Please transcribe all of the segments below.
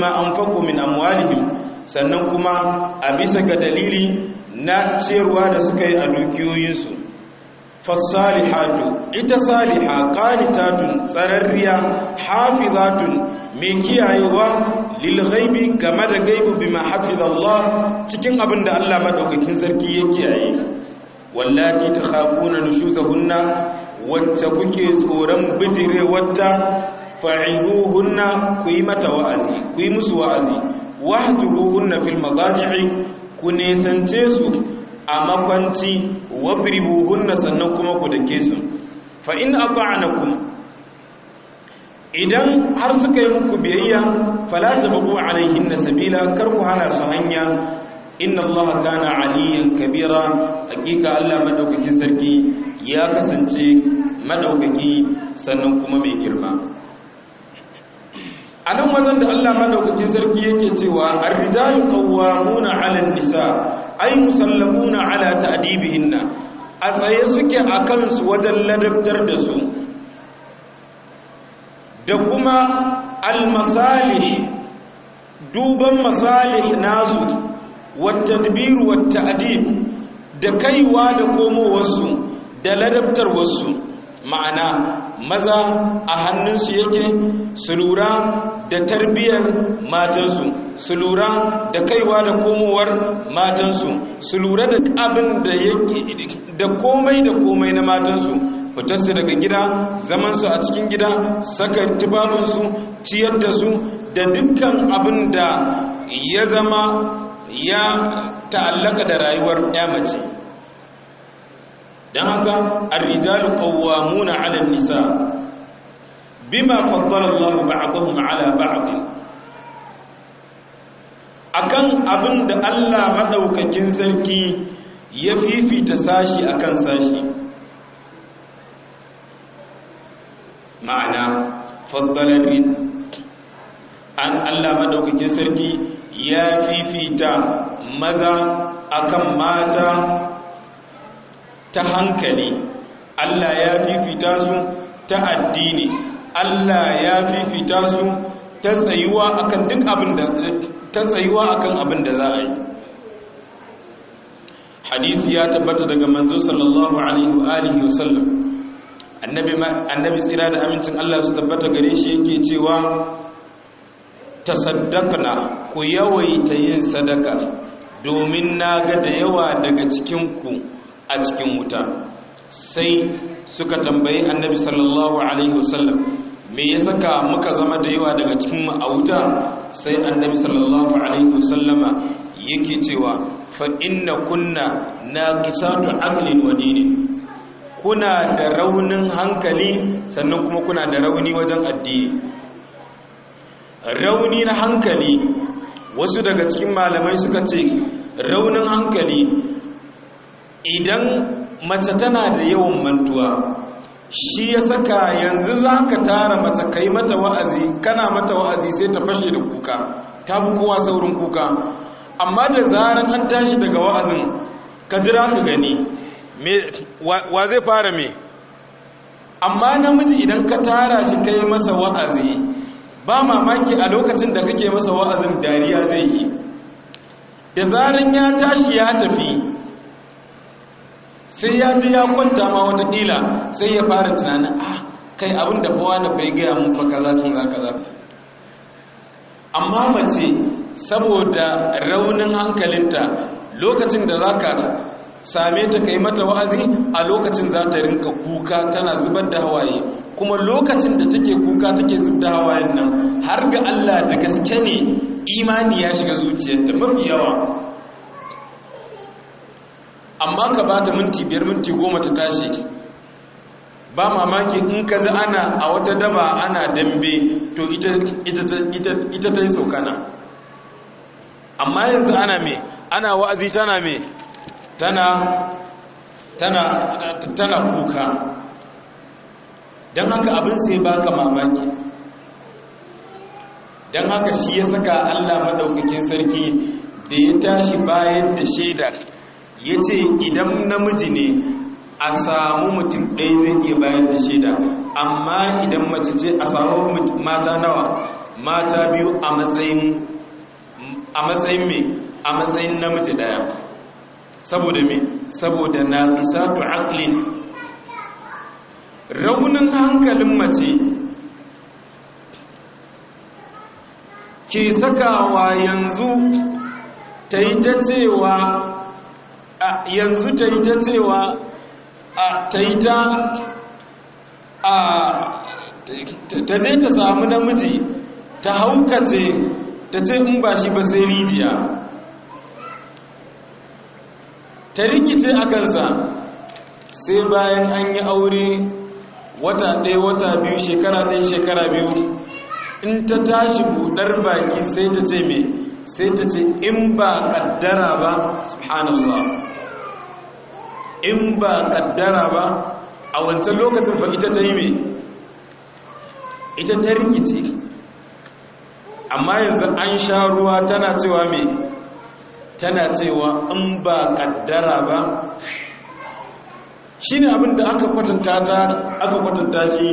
bima anfaqu min amwalihim sannan kuma a bisa ga dalili na ciyarwa da suka yi a dukiyoyinsu fasalihatu ita saliha qanitatun tsararriya hafizatun mai kiyayewa lil ghaibi game da gaibu bima hafizallah cikin abin da Allah madaukakin sarki ya kiyaye wallati takhafuna nushuzahunna wacce kuke tsoron bijirewarta fa'iduhunna ku yi mata wa'azi ku yi musu wa'azi wahduruhunna fil madaji'i ku nesance su a makwanci wadribuhunna sannan kuma ku dake su fa in ata'anakum idan har suka yi muku biyayya fala tabqu alaihinna sabila kar ku hana su hanya inna allaha kana aliyan kabira hakika allah madaukakin sarki ya kasance madaukaki sannan kuma mai girma a nan wajen da Allah madaukakin sarki yake cewa ar-rijalu qawwamuna 'ala an-nisa ay musallabuna 'ala ta'dibihinna a tsaye suke a kansu wajen ladabtar da su da kuma al-masalih duban masalih nasu wat tadbir wat ta'dib da kaiwa da komowarsu da ladabtar wasu ma'ana maza a hannunsu yake su lura da tarbiyyar matansu su lura da kaiwa da komowar matansu su lura da abin da yake da komai da komai na matansu fitarsu daga gida zamansu a cikin gida saka tubabinsu ciyar da su da dukkan abin da ya zama ya ta'allaka da rayuwar ya mace don haka arrijalu qawwamuna 'ala an-nisa bima faddala Allahu ba'dahum 'ala ba'd akan abinda Allah madaukakin sarki ya fifita sashi akan sashi ma'ana faddala an Allah madaukakin sarki ya fifita maza akan mata ta hankali Allah ya fifita su ta addini Allah ya fifita su ta tsayuwa akan duk abin da ta tsayuwa akan abin da za a yi hadisi ya tabbata daga manzo sallallahu alaihi wa alihi wasallam annabi annabi tsira da amincin Allah su tabbata gare shi yake cewa tasaddaqna ku yawaita yin sadaka domin naga da yawa daga cikin ku a cikin wuta sai suka tambayi annabi sallallahu alaihi wasallam me ya saka muka zama da yawa daga cikin a wuta sai annabi sallallahu alaihi wasallama yake cewa fa inna kunna kisatu amlin wa dinin kuna da raunin hankali sannan kuma kuna da rauni wajen addini rauni na hankali wasu daga cikin malamai suka ce raunin hankali idan mace tana da yawan mantuwa shi ya saka yanzu za ka tara mace kai mata wa'azi kana mata wa'azi sai ta fashe da kuka ta fi kowa saurin kuka amma da zaran an tashi daga wa'azin ka jira ka gani wa zai fara me amma namiji idan ka tara shi kai masa wa'azi ba mamaki a lokacin da kake masa wa'azin dariya zai yi da zaran ya tashi ya tafi sai ya ji ya kwanta ma watakila sai ya fara tunanin ah kai abin da bawa na bai gaya mun ba kaza za kaza amma mace saboda raunin hankalinta lokacin da za ka same ta kai mata wa'azi a lokacin za ta rinka kuka tana zubar da hawaye kuma lokacin da take kuka take zubar da hawayen nan har ga Allah da gaske ne imani ya shiga zuciyarta mafi yawa amma ka ba ta minti biyar minti goma ta tashi ba mamaki in ka za ana a wata daba ana dambe to ita ta yi tsokana amma yanzu ana me ana wa'azi tana mai tana tana tana kuka don haka abin sai baka mamaki don haka shi ya saka allah maɗaukakin sarki da ya tashi bayan da shaidar ya ce idan namiji ne a samu mutum ɗaya zai iya bayan da shaida amma idan mace ce a samu mata nawa mata biyu a matsayin mai a matsayin namiji ɗaya saboda mai saboda na isatu aklin raunin hankalin mace ke sakawa yanzu ta yi ta cewa yanzu ta yi ta cewa ta yi ta ta je ta samu namiji ta haukace ta ce in ba shi ba sai rijiya ta rikice a kansa sai bayan an yi aure wata ɗaya wata biyu shekara ɗaya shekara biyu in ta tashi buɗar baki sai ta ce mai sai ta ce in ba ƙaddara ba subhanallah in ba kaddara ba a wancan lokacin fa ita ta yi mai ita ta rikice amma yanzu an sha ruwa tana cewa mai tana cewa in ba kaddara ba shi ne abinda aka kwatanta ta aka kwatanta shi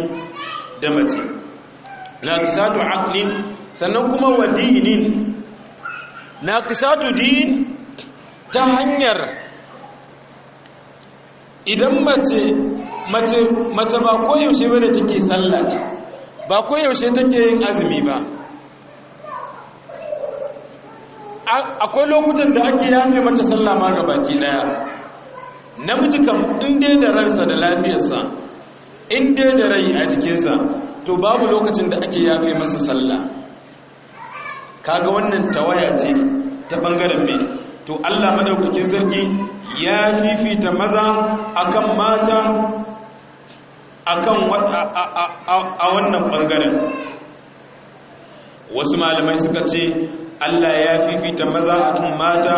da mace na kisatu aqlin sannan kuma wa dinin na kisatu din ta hanyar idan mace mace mace ba koyaushe bane take sallah ba ko yaushe take yin azumi ba akwai lokutan da ake yafe mata sallah ma ga baki daya namiji kam in dai da ransa da lafiyarsa in dai da rai a jikinsa to babu lokacin da ake yafe masa sallah kaga wannan tawaya ce ta bangaren mai to Allah madaukakin sarki ya fifita maza akan mata akan a wannan bangaren wasu malamai suka ce Allah ya fifita maza akan mata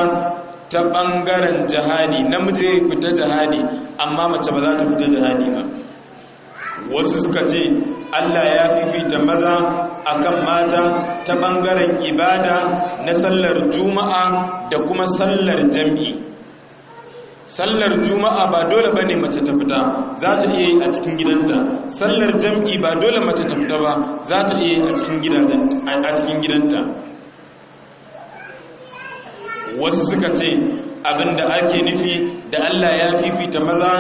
ta bangaren jihadi namiji fita jihadi amma mace ba za ta fita jihadi ba wasu suka ce Allah ya fifita maza akan mata ta bangaren ibada na sallar juma'a da kuma sallar jam'i sallar juma'a ba dole ba ne mace ta fita za ta iya yi a cikin gidanta sallar jam'i ba dole mace ta fita ba za ta iya yi a cikin gidanta wasu suka ce abinda ake nufi da Allah ya fifita maza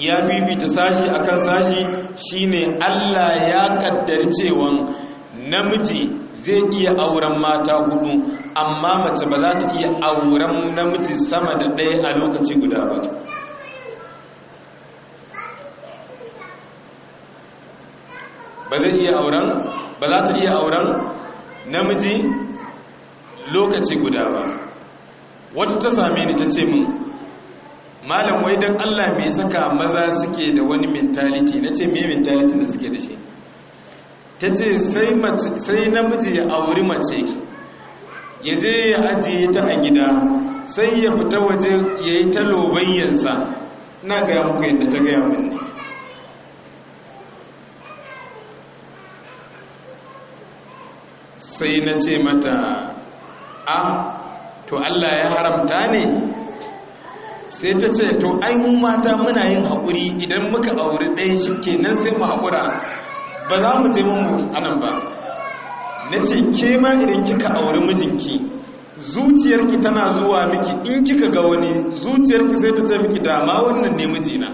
ya bibita sashi akan sashi shine Allah ya kaddari cewa namiji zai iya auren mata hudu amma mace ba za ta iya auren namiji sama da ɗaya a lokaci guda ba ba zai iya auren ba za ta iya auren namiji lokaci guda ba wata ta same ni ta ce min malam wai don allah mai saka maza suke da wani mentality na ce mai mentality da suke da shi ta ce sai namiji ya auri mace ya je ya ajiye ta a gida sai ya fita waje ya yi ta lobayyansa na gaya muku yadda ta gaya ne sai na ce mata a to allah ya haramta ne sai ta ce to ai mu mata muna yin haƙuri idan muka auri ɗaya shi kenan sai mu haƙura ba za mu je mu anan ba na ce ke ma idan kika auri mijinki zuciyarki tana zuwa miki in kika ga wani zuciyarki sai ta ce miki dama wannan ne mijina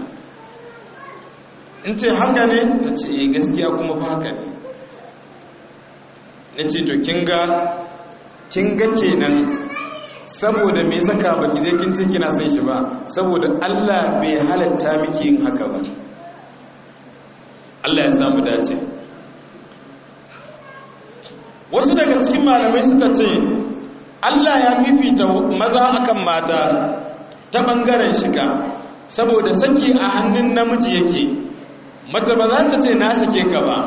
in ce haka ne ta ce eh, gaskiya kuma ba haka ne na ce to kinga kinga kenan saboda mai saka ba ki je kin kina son shi ba saboda Allah bai halatta miki yin haka ba Allah ya samu dace wasu daga cikin malamai suka ce Allah ya fifita maza akan mata ta bangaren shiga saboda saki a hannun namiji yake mace ba za ta ce na sake ka ba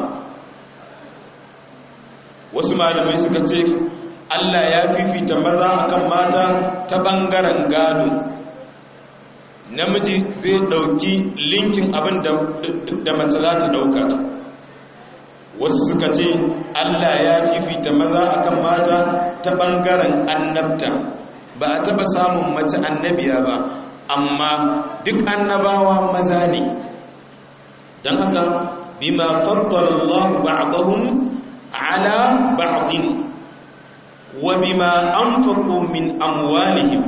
wasu malamai suka ce Allah ya fifita maza akan mata ta bangaren gado namiji zai dauki linkin abin da mace za ta dauka wasu suka ce Allah ya fifita maza akan mata ta bangaren annabta ba a taba samun mace annabiya ba amma duk annabawa maza ne don haka bima faddala Allah a ala ba'din wa bima fako min amwalihim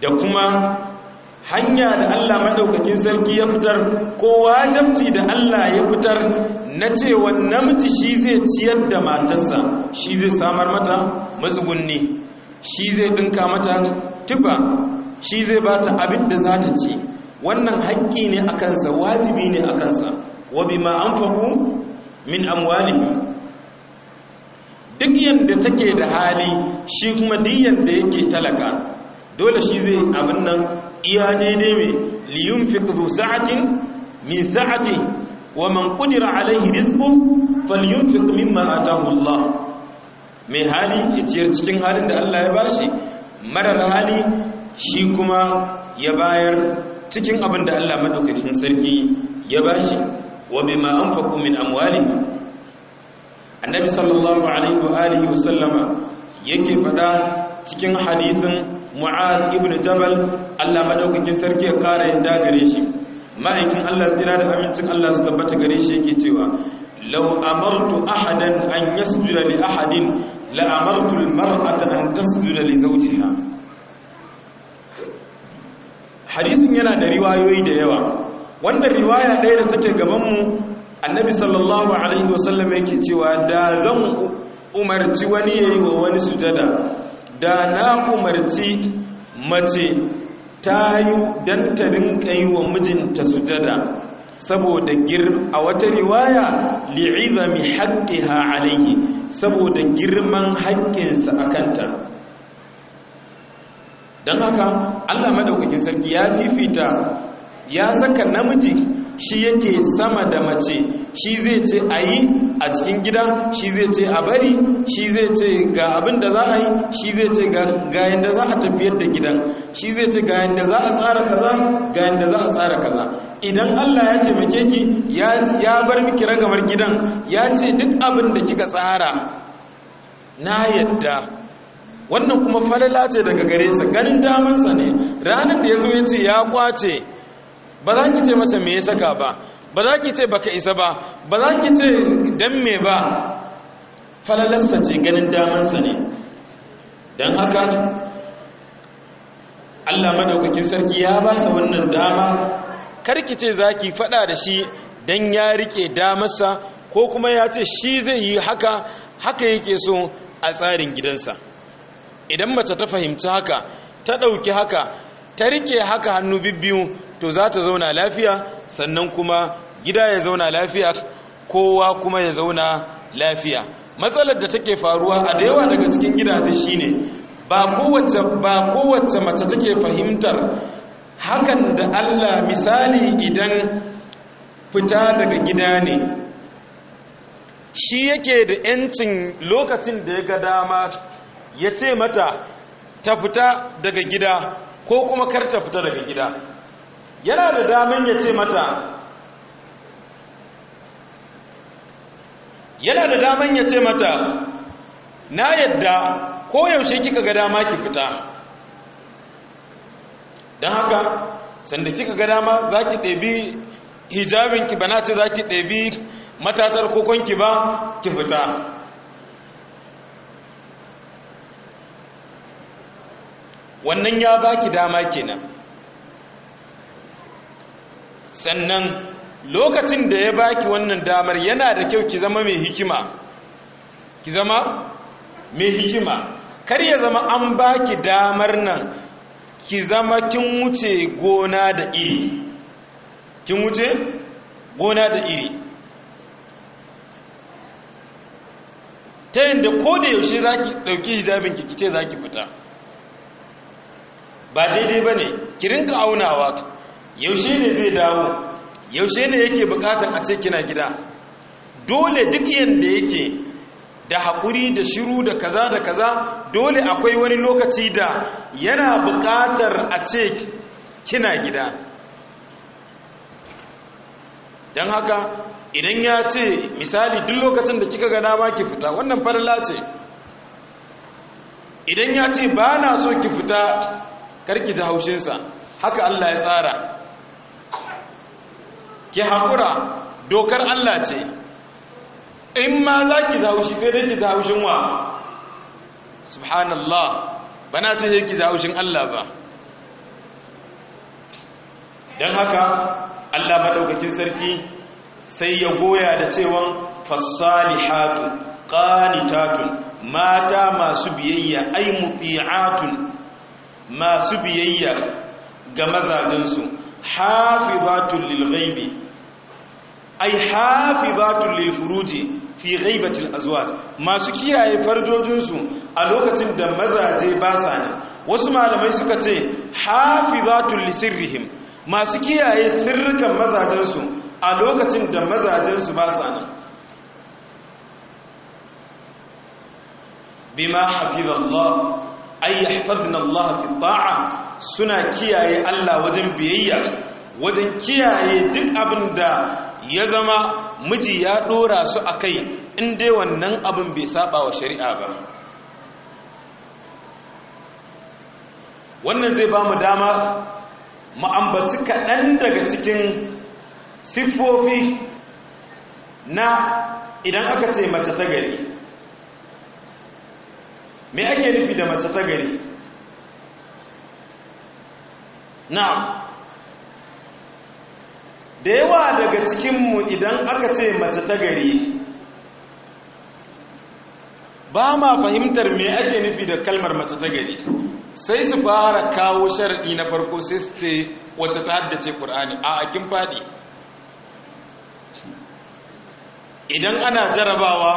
da kuma hanya da Allah maɗaukakin sarki ya fitar ko wajabci da Allah ya fitar na cewa namiji shi zai ciyar da matarsa shi zai samar mata matsugunni shi zai dinka mata tuba shi zai bata abin da za ta ci wannan haƙƙi ne a kansa wajibi ne a kansa wa bima anfaqu min amwalihim duk yadda take da hali shi kuma diyan da yake talaka dole shi zai abin nan iya daidai mai liyun fiqhu sa'atin min sa'ati wa man kudira alaihi rizqu falyunfiq mimma atahu Allah mai hali ya ciyar cikin halin da Allah ya bashi marar hali shi kuma ya bayar cikin abin da Allah sarki ya bashi wa bi ma'amfakun min amwali? annabi sallallahu alaihi wa alihi wa sallama yake fada cikin hadisin mu'az ibn jabal Allah madaukakin sarki ya kara yin dagare shi ma'aikin Allah zira da amincin Allah su tabbata gare shi yake cewa law amartu ahadan an yasjuda li ahadin la amartu almar'ata an tasjuda li zawjiha hadisin yana da riwayoyi da yawa wannan riwaya ɗaya da take gaban mu annabi sallallahu alaihi wasallam yake cewa da zan umarci wani yayi wa wani sujada da na umarci mace ta yi ta rinka yi wa mijinta sujada saboda girma a wata riwaya li'izami haqqiha alayhi saboda girman haƙƙinsa a kanta don haka Allah madaukakin sarki ya fifita ya saka namiji shi yake sama da mace shi zai ce a yi a cikin gida shi zai ce a bari shi zai ce ga abin da za a yi shi zai ce ga yadda za a tafiyar da gidan shi zai ce ga yadda za a tsara kaza ga yadda za a tsara kaza idan Allah ya taimake ki ya bar miki ragamar gidan ya ce duk abin da kika tsara na yadda wannan kuma falala ce daga gare sa ganin damansa ne ranar da ya zo ya ce ya kwace ba za ki ce masa me ya saka ba ba za ki ce baka isa ba ba za ki ce dan me ba falalasta ce ganin damansa ne don haka Allah madaukakin sarki ya ba sa wannan dama karki ce za ki faɗa da shi don ya riƙe damarsa ko kuma ya ce shi zai yi haka haka yake so a tsarin gidansa idan mace ta fahimci haka ta ɗauki haka ta riƙe haka hannu bibbiyu to za ta zauna lafiya sannan kuma gida ya zauna lafiya kowa kuma ya zauna lafiya matsalar da take faruwa a da yawa daga cikin gidaje shine ba kowace ba kowace mace take fahimtar hakan da Allah misali idan fita daga gida ne shi yake da yancin lokacin da ya ga dama ya ce mata ta fita daga gida ko kuma kar ta fita daga gida yana da daman ya ce mata yana da damin ya ce mata na yadda koyaushe kika ga dama ki fita don haka sanda kika ga dama za ki ɗabi hijabinki ba na ce za ki ɗabi matatar kokonki ba ki fita wannan ya baki dama kenan sannan lokacin da ya baki wannan damar yana da kyau ki zama mai hikima ki zama mai hikima kar ya zama an baki damar nan ki zama kin wuce gona da iri kin wuce gona da iri ta yadda ko da yaushe za ki ɗauki hijabin ki ce za ki fita ba daidai ba ne ki rinka aunawa yaushe ne zai dawo yaushe ne yake bukatan a ce kina gida dole duk yanda yake da haƙuri da shiru da kaza da kaza dole akwai wani lokaci da yana bukatar a ce kina gida don haka idan ya ce misali duk lokacin da kika gana ba ki fita wannan farla ce idan ya ce ba na so ki fita karki ta haushinsa haka Allah ya tsara ki hakura dokar Allah ce in ma za ki zahushi sai dai ki zahushin wa subhanallah ba na ce ki zahushin Allah ba don haka Allah maɗaukakin sarki sai ya goya da cewan fassalihatu ƙanitatun mata masu biyayya ai muti'atun masu biyayya ga mazajensu hafizatul lil ghaibi ai hafizatul lil furuji fi ghaibatil azwaj masu kiyaye farjojinsu a lokacin da mazaje ba sa nan wasu malamai suka ce hafizatul lisirrihim masu kiyaye sirrukan mazajensu a lokacin da mazajensu ba sa nan bima hafizallah ay yahfazna Allah fi ta'a suna kiyaye Allah wajen biyayya wajen kiyaye duk abin da ya zama miji ya dora su a kai inda wannan abin bai saba wa shari'a ba wannan zai ba mu dama ma'ambaci kaɗan daga cikin siffofi na idan aka ce mace ta gari me ake nufi da mace ta gari na da yawa daga cikinmu idan aka ce mace ta gari ba ma fahimtar me ake nufi da kalmar mace ta gari sai su fara kawo sharaɗi na farko sai su ce wacce ta haddace ƙur'ani a akin faɗi idan ana jarabawa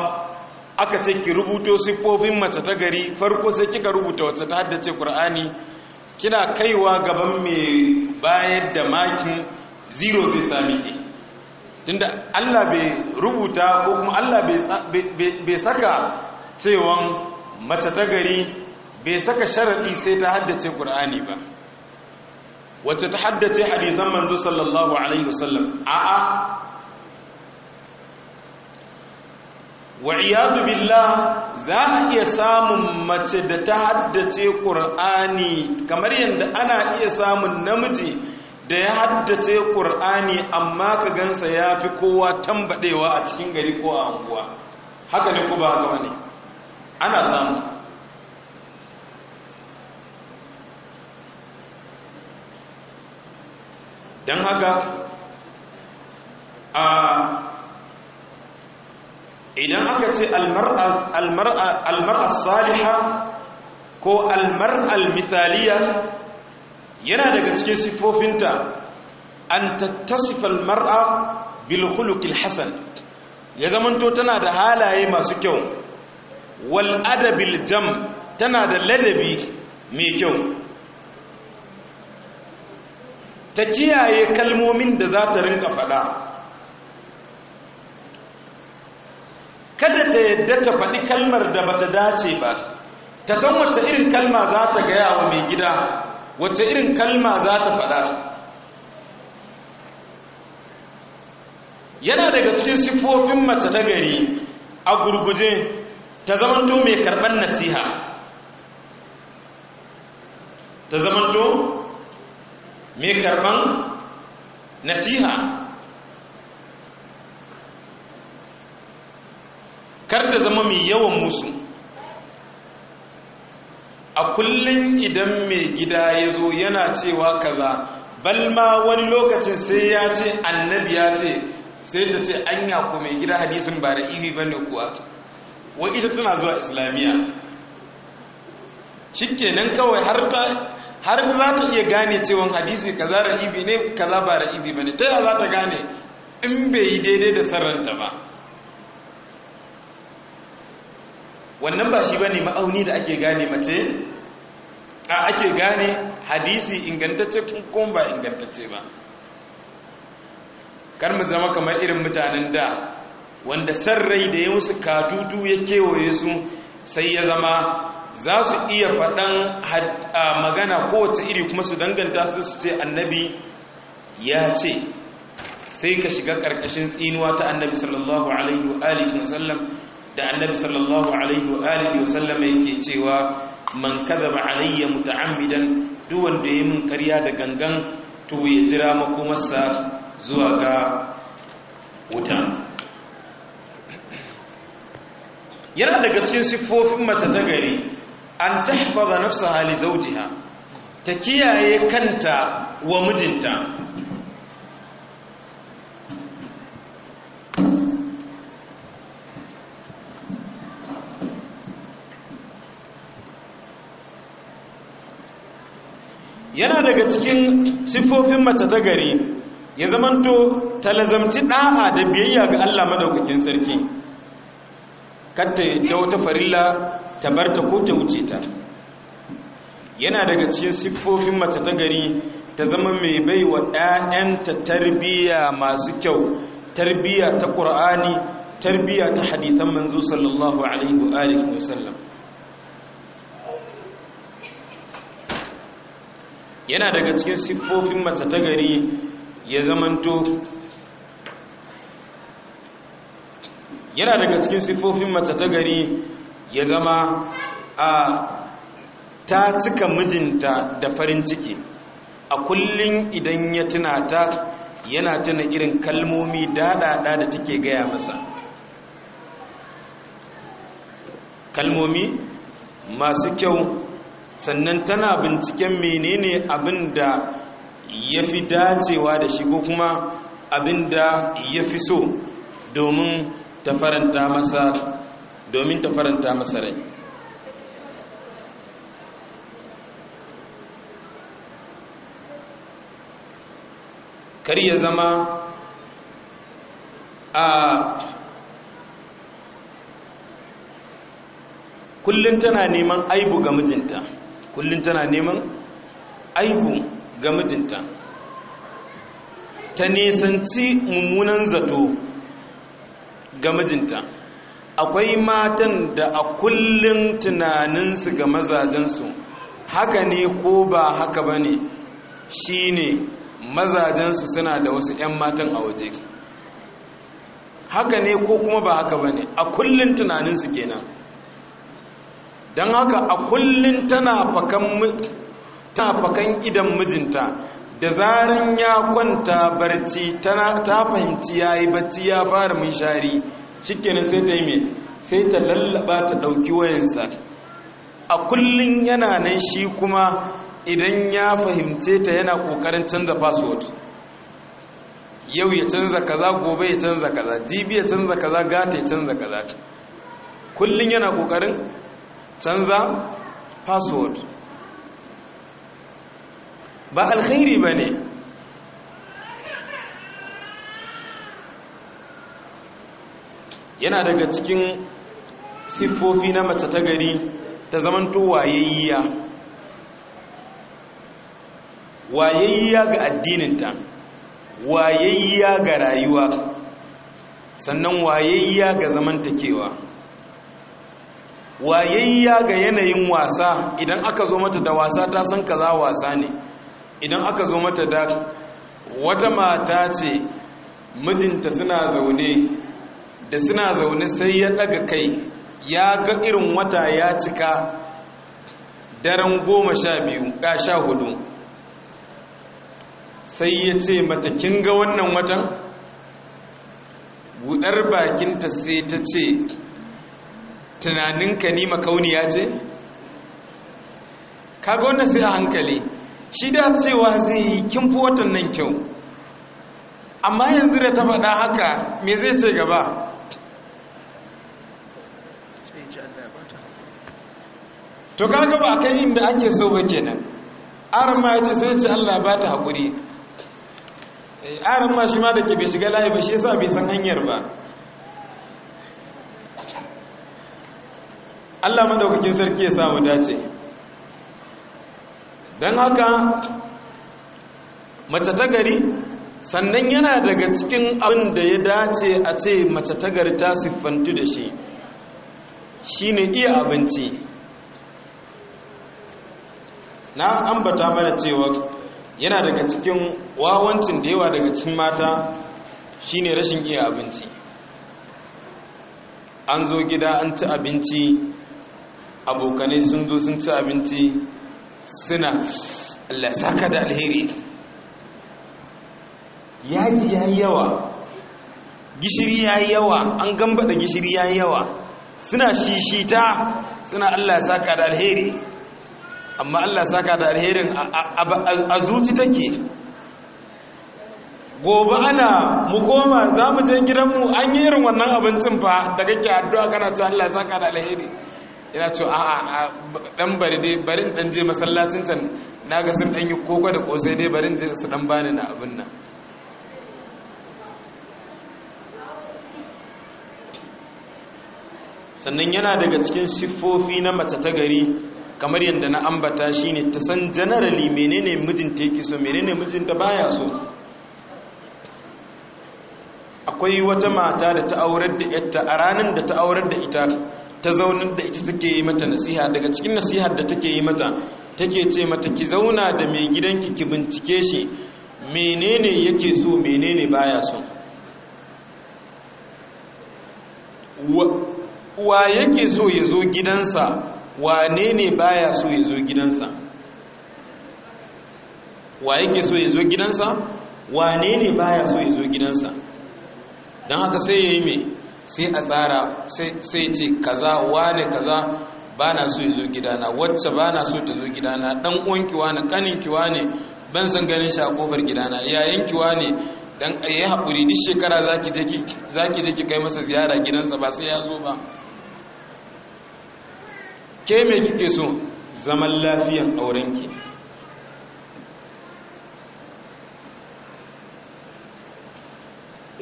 aka ce ki rubuto siffofin mace ta gari farko sai kika rubuta wacce ta haddace ƙur'ani kina kaiwa gaban mai bayar da makin zero zai sami ki tunda Allah bai rubuta ko kuma Allah bai saka cewan mace ta gari bai saka sharaɗi sai ta haddace ƙur'ani ba wacce ta haddace hadisan manzo sallallahu alaihi wasallam a'a wa iyadu billah za a iya samun mace da ta haddace ƙur'ani kamar yadda ana iya samun namiji da ya haddace ƙur'ani amma ka gansa ya fi kowa tambadewa a cikin gari ko a anguwa haka ne ku ba haka wani ana samu don haka a idan aka ce almar'a saliha ko almar'al misaliya yana daga cikin siffofinta an tattasifal mar'a bil khuluqil hasan ya zamanto tana da halaye masu kyau wal adabil jam tana da ladabi mai kyau ta kiyaye kalmomin da za ta rinka faɗa kada ta yadda ta faɗi kalmar da ba ta dace ba ta san wacce irin kalma za ta gaya wa mai gida wacce irin kalma za ta faɗa yana daga cikin siffofin mace ta gari a gurguje ta zamanto mai karɓar nasiha ta zamanto mai karɓar nasiha kar ta zama mai yawan musu a kullum idan mai gida ya zo yana cewa kaza balma wani lokacin sai ya ce annabi ya ce sai ta ce anya ko mai gida hadisin ba da iri ne kuwa wani ita tana zuwa islamiyya shikenan kawai har ta har za ta iya gane cewa hadisi kaza ra'ibi ne kaza ba da ba ne, ta za ta gane in bai yi daidai da sarranta ba wannan ba shi bane ma'auni da ake gane mace a ake gane hadisi ingantacce kun ba ingantacce ba kar mu zama kamar irin mutanen da wanda sarrai da ya musu katutu ya kewaye su sai ya zama za su iya faɗan magana kowace iri kuma su danganta su su ce annabi ya ce sai ka shiga ƙarƙashin tsinuwa ta annabi sallallahu alaihi wa sallam da annabi sallallahu alaihi wa alihi wa sallama yake cewa man kadhaba alayya muta'ammidan duk wanda yayi min karya da gangan to ya jira makomarsa zuwa ga wuta yana daga cikin sifofin mace ta gari an tahfaza nafsaha li zawjiha ta kiyaye kanta wa mijinta yana daga cikin siffofin mace ta gari ya zamanto talazamci da'a da biyayya ga Allah madaukakin sarki katta da wata farilla ta barta ko ta wuce ta yana daga cikin sifofin mace ta gari ta zama mai baiwa wa ɗayanta tarbiyya masu kyau tarbiyya ta ƙur'ani tarbiyya ta hadithan manzo sallallahu alaihi wa alihi wa yana daga cikin siffofin mace ta gari ya zamanto yana daga cikin siffofin mace ta gari ya zama a ta cika mijinta da farin ciki a kullum idan ya tuna ta yana tuna irin kalmomi daɗaɗa da take gaya masa kalmomi masu kyau sannan tana binciken menene abin da ya fi dacewa da shi ko kuma abin da ya fi so domin ta faranta masa domin ta faranta masa rai kar ya zama a kullum tana neman aibu ga mijinta kullum tana neman aibu ga mijinta ta nisanci mummunan zato ga mijinta akwai matan da a kullum tunaninsu ga mazajensu haka ne ko ba haka ba ne shi ne mazajensu suna da wasu 'yan matan a waje haka ne ko kuma ba haka ba ne a kullum tunaninsu kenan don haka a kullum tana fakan idan mijinta da zaren ya kwanta barci ta fahimci ya yi barci ya fara mun shari kenan sai ta yi mai sai ta lallaba ta ɗauki wayansa a kullum yana nan shi kuma idan ya fahimce ta yana ƙoƙarin canza password yau ya canza kaza gobe ya canza kaza jibi ya canza kaza gata ya canza kaza kullum yana ƙoƙarin canza password ba alkhairi ba ne yana daga cikin siffofi na mace ta gari ta zamanto wayayya wayayya ga addininta wayayya ga rayuwa sannan wayayya ga zamantakewa wayayya ga yanayin wasa idan aka zo mata da wasa ta san kaza wasa ne idan aka zo mata da wata mata ce mijinta suna zaune da suna zaune sai ya daga kai ya ga irin wata ya cika daren goma sha biyu sha hudu sai ya ce mata kin ga wannan watan buɗar bakinta sai ta ce tunaninka ni makauniya ce kaga wannan sai a hankali shi da cewa zai yi kin fi watan nan kyau amma yanzu da ta faɗa haka me zai ce gaba to kaga ba kai inda ake so ba kenan aran ma ce sai ce Allah ba ta hakuri eh, aran ma shi ma da ke bai shiga layi ba shi yasa bai san hanyar ba Allah madaukakin sarki ya samu dace don haka mace ta gari sannan yana daga cikin abin da ya dace a ce mace ta gari ta siffantu da shi shine iya abinci na ambata mana cewa yana daga cikin wawancin da yawa daga cikin mata shine rashin iya abinci an zo gida an ci abinci abokanai sun zo sun ci abinci suna Allah saka da alheri yaji ya yi yawa gishiri ya yi yawa an gambada gishiri ya yi yawa suna shishita suna Allah saka da alheri amma Allah saka da alherin a zuci take gobe ana mu koma za mu je gidanmu an yi irin wannan abincin fa da kake addu'a kana cewa Allah saka da alheri yana ce a a dan bari dai bari dan je masallacin can na ga sun dan yi koko da kosai dai bari je su dan bani na abin nan sannan yana daga cikin siffofi na mace ta gari kamar yadda na ambata shine ta san generally menene mijinta yake so menene mijinta baya so akwai wata mata da ta aurar da yatta a ranar da ta aurar da ita ta zaunar da ita take yi mata nasiha daga cikin nasihar da take yi mata take ce mata ki zauna da mai gidanki ki bincike shi menene yake so menene baya so wa yake so ya zo gidansa wane ne baya so ya zo gidansa wa yake so ya zo gidansa wane ne baya so ya zo gidansa don haka sai ya yi mai sai a tsara sai ce kaza wane kaza ba na so yi zo gidana wacce ba na so ta zo gidana dan uwankiwa ne kiwa ne ban san ganin shi a kofar gidana kiwa ne dan ayi hakuri duk shekara zaki je ki je ki kai masa ziyara gidansa ba sai ya zo ba ke me kike so zaman lafiyan aurenki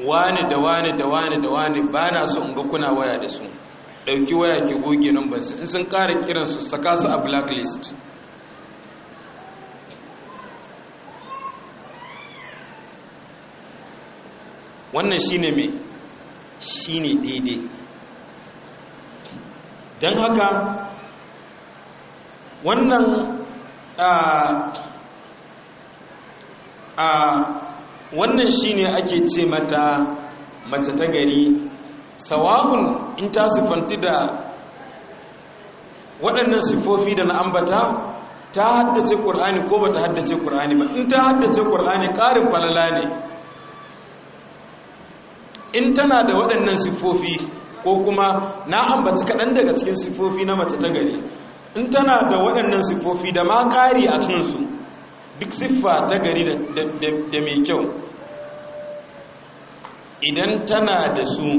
wani da wani da wani da wani ba na so in ga kuna waya da su ɗauki waya ke goge su in sun ƙara kiransu saka su a blacklist wannan shi ne mai ne daidai don haka wannan a ah, a ah, wannan shine ake ce mata mace ta gari sawa'un in ta sifanti da waɗannan sifofi da na ambata ta haddace ƙur'ani ko ba ta haddace ƙur'ani ba in ta haddace ƙur'ani ƙarin falala ne in tana da waɗannan sifofi ko kuma na ambaci kaɗan daga cikin sifofi na mace ta gari in tana da waɗannan sifofi da ma ƙari a kansu duk siffa ta gari da mai kyau idan tana da su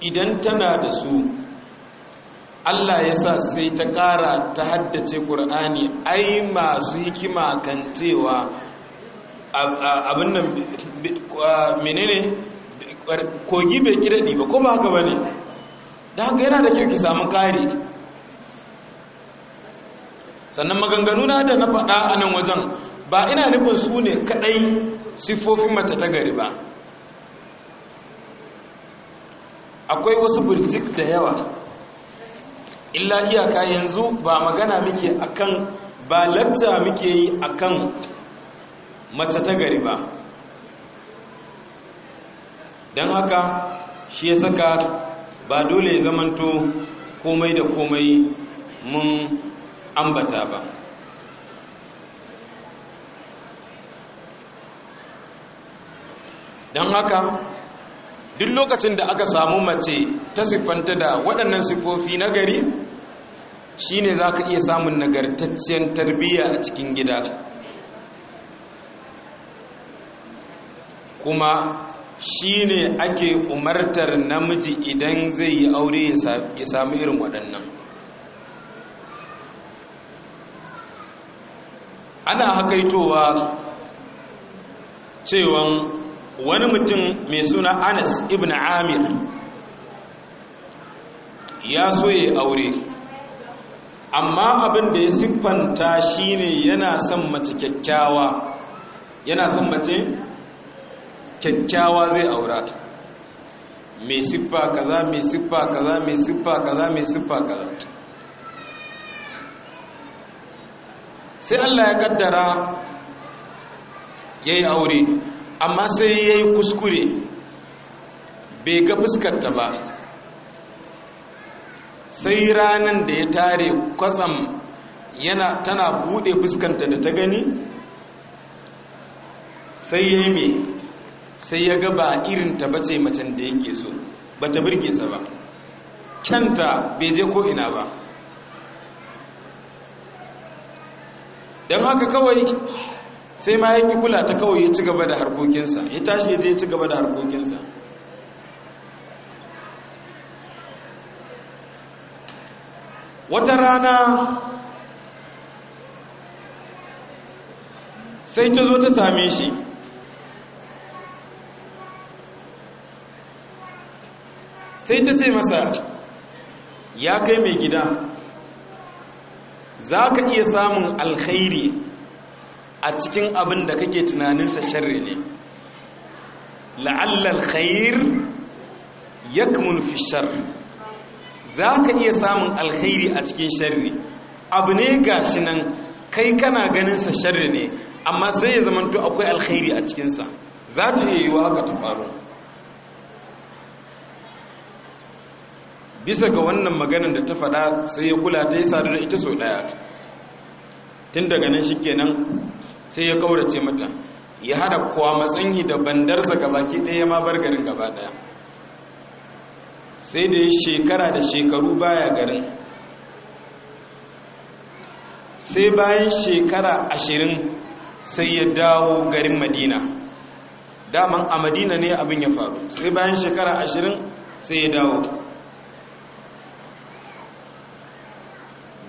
idan tana da su Allah ya sa sai ta ƙara ta haddace ƙur'ani ai masu hikima kan cewa abin nan menene kogi bai ɗi ba ko ba haka ba ne da haka yana da kyau ki samu kari sannan maganganu na da na faɗa a nan wajen ba ina nufin su ne kaɗai siffofin mace ta gari ba akwai wasu birjik da yawa illa iyaka yanzu ba magana muke akan ba latta muke yi akan mace ta gari ba don haka shi ya saka ba dole zamanto komai da komai mun ambata ba don haka duk lokacin da aka samu mace ta siffanta da waɗannan siffofi na gari shi ne za ka iya samun nagartacciyar tarbiyya a cikin gida kuma shine ake umartar namiji idan zai yi aure ya sami irin waɗannan ana hakaitowa cewan wani mutum mai suna anas ibn amir ya so ya aure amma abin da ya siffanta shine yana son mace kyakkyawa yana son mace kyakkyawa zai aura mai siffa kaza mai siffa kaza mai siffa kaza mai siffa kaza sai Allah ya kaddara yi aure amma sai ya yi kuskure bai ga fuskarta ba sai ranar da ya tare kwatsam yana tana bude fuskanta da ta gani sai yi mai sai ya ga irin ta bace macen da yake so ba burge sa ba kyanta bai je ko ina ba don haka kawai sai ma yake kula ta kawai ya ci gaba da harkokinsa ya tashi ya ya ci gaba da harkokinsa wata rana sai ta zo ta same shi sai ta ce masa ya kai mai gida za ka iya samun alkhairi a cikin abin da kake tunaninsa sharri ne la'allal khair yakmun fi shar za ka iya samun alkhairi a cikin sharri abu ne gashi nan kai kana ganinsa sharri ne amma sai ya zamanto akwai alkhairi a cikinsa za ta iya wa haka ta faru bisa ga wannan maganar da ta faɗa sai ya kula ta yi sadu da ita sau ɗaya tun daga nan shi kenan sai ya kaurace mata ya hada kuwa matsanyi da bandarsa baki ɗaya ma bar garin gaba ɗaya sai da ya shekara da shekaru baya garin sai bayan shekara ashirin sai ya dawo garin madina daman a madina ne abin ya faru sai bayan shekara ashirin sai ya dawo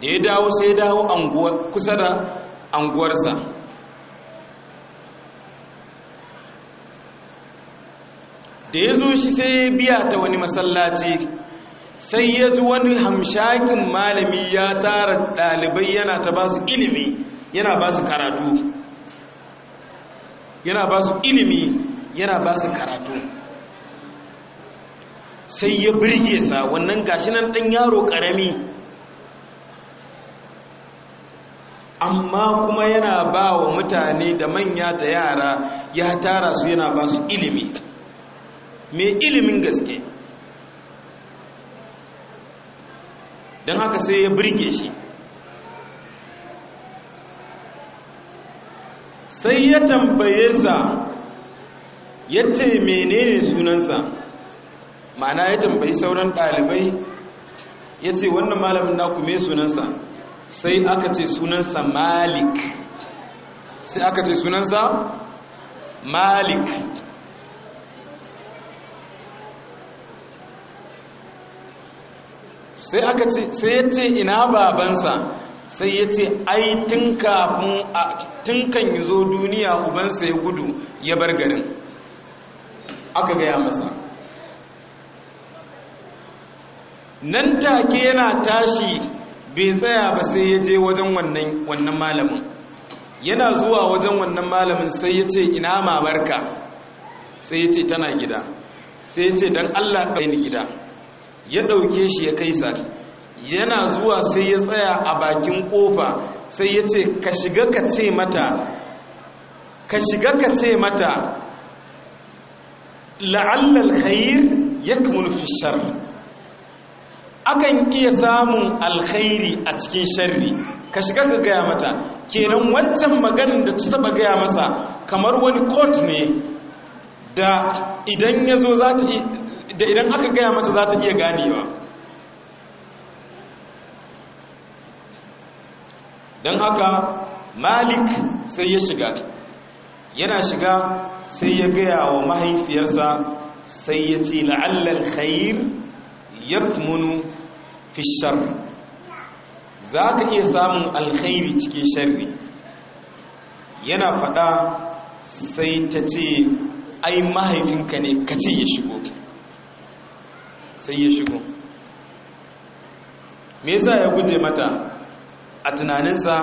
da ya dawo sai ya dawo kusa da anguwarsa da ya zo shi sai ya biya ta wani masallaci sai ya ji wani hamshakin malami ya tara ɗalibai yana ta ba su ilimi yana ba su karatu yana ba su ilimi yana ba su karatu sai ya birge sa wannan gashi nan ɗan yaro ƙarami amma kuma yana ba wa mutane da manya da yara ya tara su yana ba su ilimi mai ilimin gaske don haka sai ya birge shi sai ya tambaye sa ya ce menene sunansa ma'ana ya tambayi sauran ɗalibai ya ce wannan malamin na kume sunansa sai aka ce sunansa malik sai aka ce sunansa malik sai aka ce sai ya ce ina babansa sai ya ce ai tun kafin tun kan yi zo duniya ubansa ya gudu ya bar garin aka gaya masa nan take yana tashi bai tsaya ba sai ya je wajen wannan malamin yana zuwa wajen wannan malamin sai ya ce ina mamarka sai ya ce tana gida sai ya ce don allah ɗaya ni gida ya ɗauke shi ya kai sa yana zuwa sai ya tsaya a bakin ƙofa sai ya ce ka shiga ka ce mata ka shiga ka ce mata la'allal hayir ya fi shar akan iya samun alkhairi a cikin sharri ka shiga ka gaya mata kenan wancan maganin da ta taba gaya masa kamar wani kot ne da idan ya zo za ta da idan aka gaya mata za ta iya ganewa don haka malik sai ya shiga yana shiga sai ya gaya wa mahaifiyarsa sai ya ce la'allar khair yakmunu munu. fishar za ka iya samun alkhairi cikin sharri yana faɗa sai ta ce ai mahaifinka ne ka ce ya shigo sai ya shigo me yasa ya guje mata a tunaninsa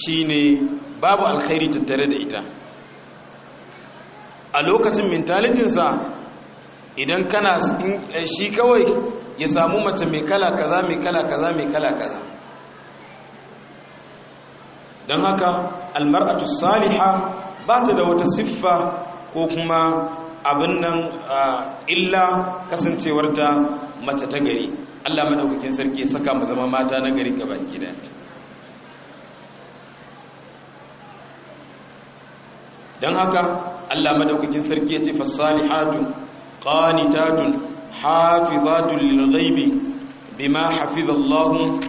shine babu alkhairi tattare da ita a lokacin mentalitinsa idan kana eh, shi kawai ya samu mace mai kala kaza mai kala kaza mai kala kaza don haka almar'atu saliha ba ta da wata siffa ko kuma abin nan illa kasancewar ta mace ta gari allah madaukakin sarki ya saka mu zama mata na gari gaba gida don haka allah madaukakin sarki ya ce fasalihatu qanitatun hafizatul lilghaibi bima hafizallahu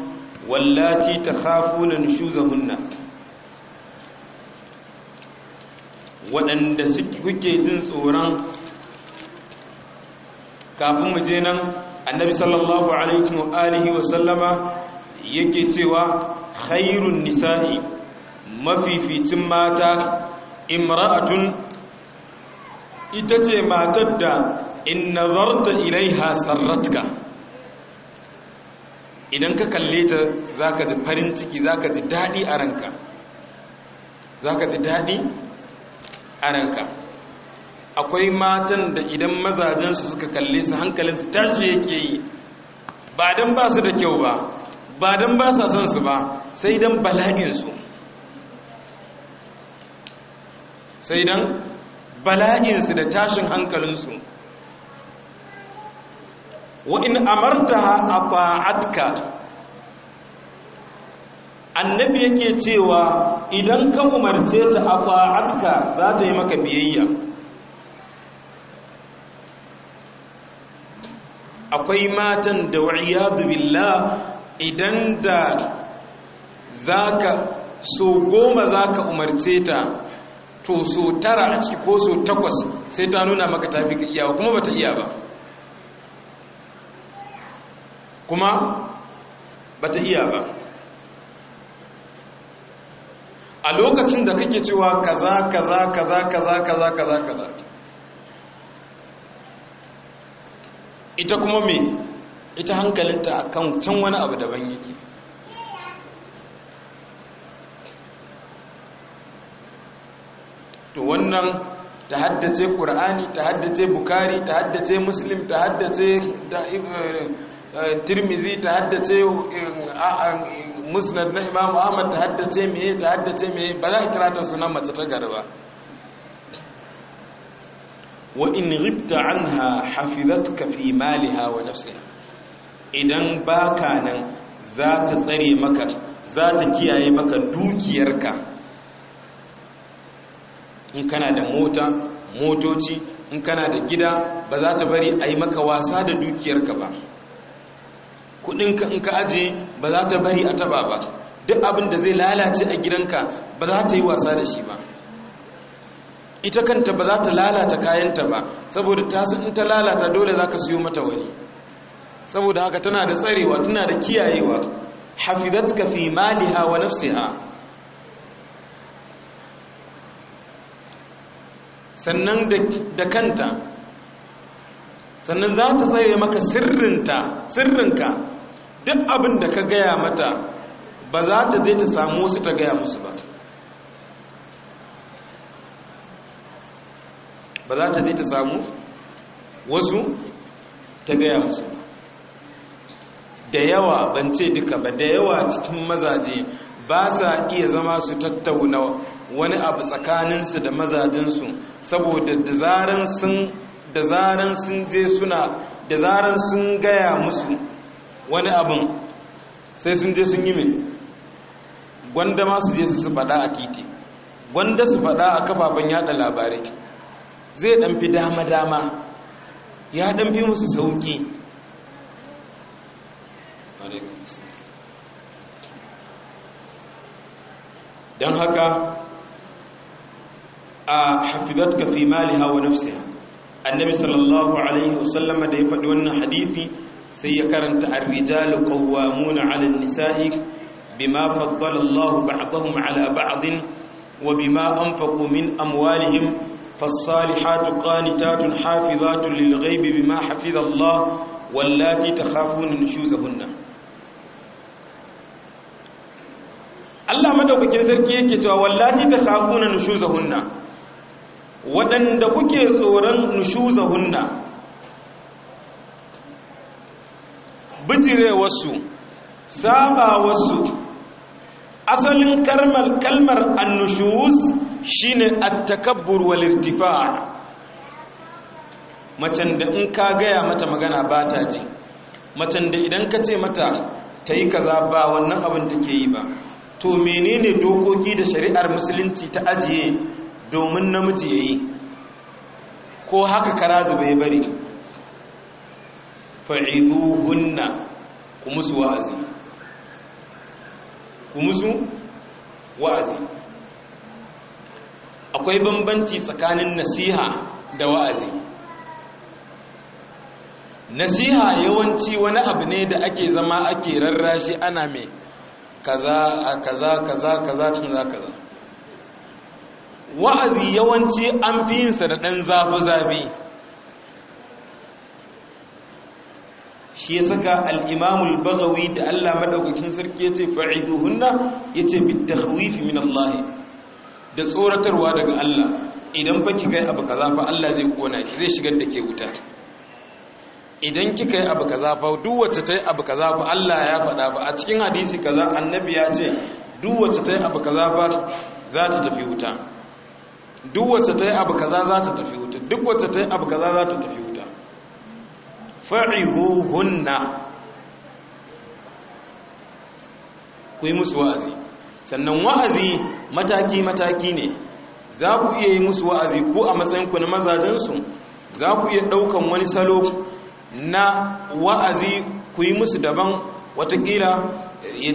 wallati takhafuna nushuzahunna waɗanda kuke jin tsoron kafin mu je nan annabi sallallahu alaihi wa sallama yake cewa khairun nisa'i mafificin mata imra'atun ita ce matar da in nazarta ilaiha sarratka idan ka kalle ta zaka ji farin ciki zaka ji dadi a ranka zaka ji dadi a ranka akwai matan da idan mazajensu suka kalle su su tashi yake yi ba don ba su da kyau ba ba don ba sa son su ba sai don bala'insu sai don bala'insu da tashin hankalinsu wa in amartaha ata'atka annabi yake cewa idan ka umarce ta ata'atka za ta yi maka biyayya akwai matan da wa'iyadu billah idan da zaka so goma zaka umarce ta to so tara a ciki ko so takwas sai ta nuna maka tafi ka iya kuma bata iya ba kuma ba ta iya ba a lokacin da kake cewa kaza kaza kaza kaza kaza kaza kaza ita kuma me ita hankalinta a kan can wani abu daban yake to wannan ta haddace ƙur'ani ta haddace bukari ta haddace muslim ta haddace eh, Eh, tirmizi ta haddace eh, musnad na imam ahmad ta haddace meye ta haddace meye ba za a kira ta sunan mace ta gari ba wa in ghibta anha ka fi maliha wa nafsiha idan baka nan za ta tsare maka za ta kiyaye maka dukiyarka in kana da mota motoci in kana da gida ba za ta bari a yi maka wasa da dukiyarka ba ka in ka aje ba za ta bari a taba ba duk abin da zai lalace a gidanka ba za ta yi wasa da shi ba ita kanta ba za ta lalata kayanta ba saboda ta in ta lalata dole za ka siyo mata wani saboda haka tana da tsarewa tana da kiyayewa ka fi maliha wa nafsiha sannan da kanta sannan za ta tsare maka sirrinta sirrinka duk abin da ka gaya mata ba za ta je ta samu wasu ta gaya musu ba ba za ta je ta samu wasu ta gaya musu da yawa ban ce duka ba da yawa cikin mazaje ba sa iya zama su tattauna wani abu tsakaninsu da mazajensu saboda da zaren sun je suna da zaren sun gaya musu wani abin sai sun je sun yi mai gwanda ma su je su faɗa a titi gwanda su faɗa a kafafen yada labarai zai ɗanfi dama-dama ya ɗanfi musu sauƙi don haka a ka fi mali hawa nafsiya annabi sallallahu alaihi wasallama da ya faɗi wannan hadithi sai ya karanta ar-rijalu qawwamuna 'ala an-nisa'i bima faddala Allahu ba'dahum 'ala ba'din wa bima anfaqu min amwalihim fas-salihatu qanitatun hafizatun lil-ghaibi bima hafiza Allah wallati takhafuna nushuzahunna Allah madaukakin sarki yake cewa wallati takhafuna nushuzahunna wadanda kuke tsoron nushuzahunna Bijire wasu, saba wasu. asalin kalmar kalmar annushus shine at-takabbur wal irtifa' macen da in ka gaya mata magana ba ta ji macen da idan ka ce mata ta yi kaza ba wannan abin da ke yi ba to menene dokoki da shari'ar musulunci ta ajiye domin namiji ya yi ko haka kara ya bari fa'iduhunna ku musu wa'azi ku musu wa'azi akwai bambanci tsakanin nasiha da wa'azi nasiha yawanci wani abu ne da ake zama ake rarrashi ana mai kaza kaza kaza kaza tun za kaza wa'azi yawanci an fi yinsa da ɗan zafi-zafi shi ya saka al'imamul bagawi da Allah maɗaukakin sarki ya ce fa'idu hunna ya ce bitta hawifi min Allah da tsoratarwa daga Allah idan ba kika yi abu ka zafa Allah zai kona shi zai shigar da ke wuta idan kika yi abu ka zafa duk wacce ta yi abu ka zafa Allah ya faɗa ba a cikin hadisi kaza annabi ya ce duk wacce ta yi abu ka zafa za ta tafi wuta duk wacce ta yi abu kaza za ta tafi wuta duk wacce ta yi abu kaza za ta tafi wuta fa'ihuhunna ku yi musu wa'azi sannan wa'azi mataki-mataki ne za ku iya yi musu wa'azi ko a matsayinku na mazajensu za ku iya ɗaukan wani salo na wa'azi ku yi musu daban watakila ya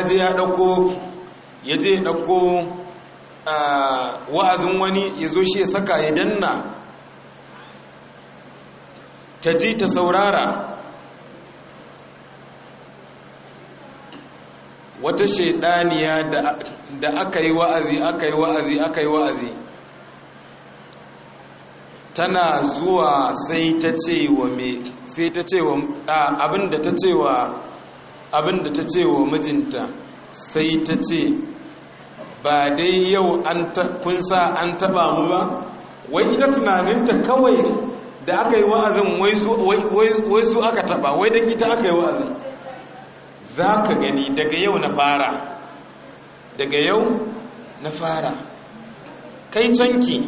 je ya ɗauko ya je ɗauko ah, wa'azin wani ya zo shi ya saka ya danna ta ji ta saurara wata shaidaniya da aka yi wa'azi aka yi wa'azi aka yi wa'azi tana zuwa sai ta ce wa me sai ta ce wa abinda ta ce wa abinda ta ce wa mijinta sai ta ce ba dai yau an kun sa an taba mu ba wai ita tunaninta kawai da aka yi wa'azin wai su aka taba wai don ita aka yi wa'azin za ka gani daga yau na fara daga yau na fara kai canki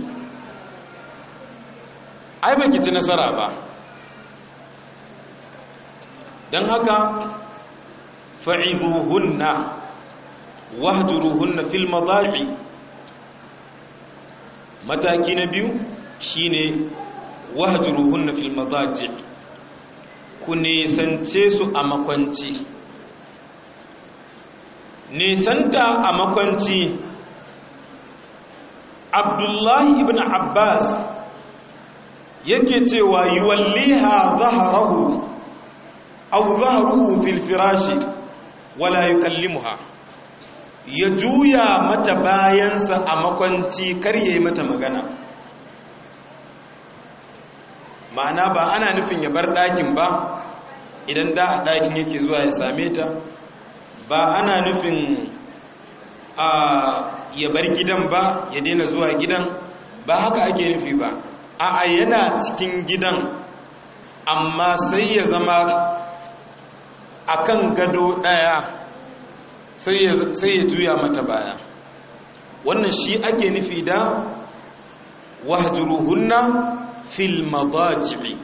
ai ba ci nasara ba don haka fa'ihuhunna ruhunna fil madari mataki na biyu shine wahjuruhun fil madaji ku nisance su a makwanci nisanta a makwanci abdullahi ibn abbas yake cewa yuwalliha zaharahu aw zahruhu fil firashi wala yukallimuha ya juya mata bayansa a makwanci kar yayi mata magana ma'ana ba ana nufin ya bar ɗakin ba idan da ɗakin yake zuwa ya same ta ba ana nufin a ya bar gidan ba ya daina zuwa gidan ba haka ake nufi ba a yana cikin gidan amma sai ya zama a kan gado ɗaya sai ya juya mata baya wannan shi ake nufi da wahjuruhunna fil madaji'i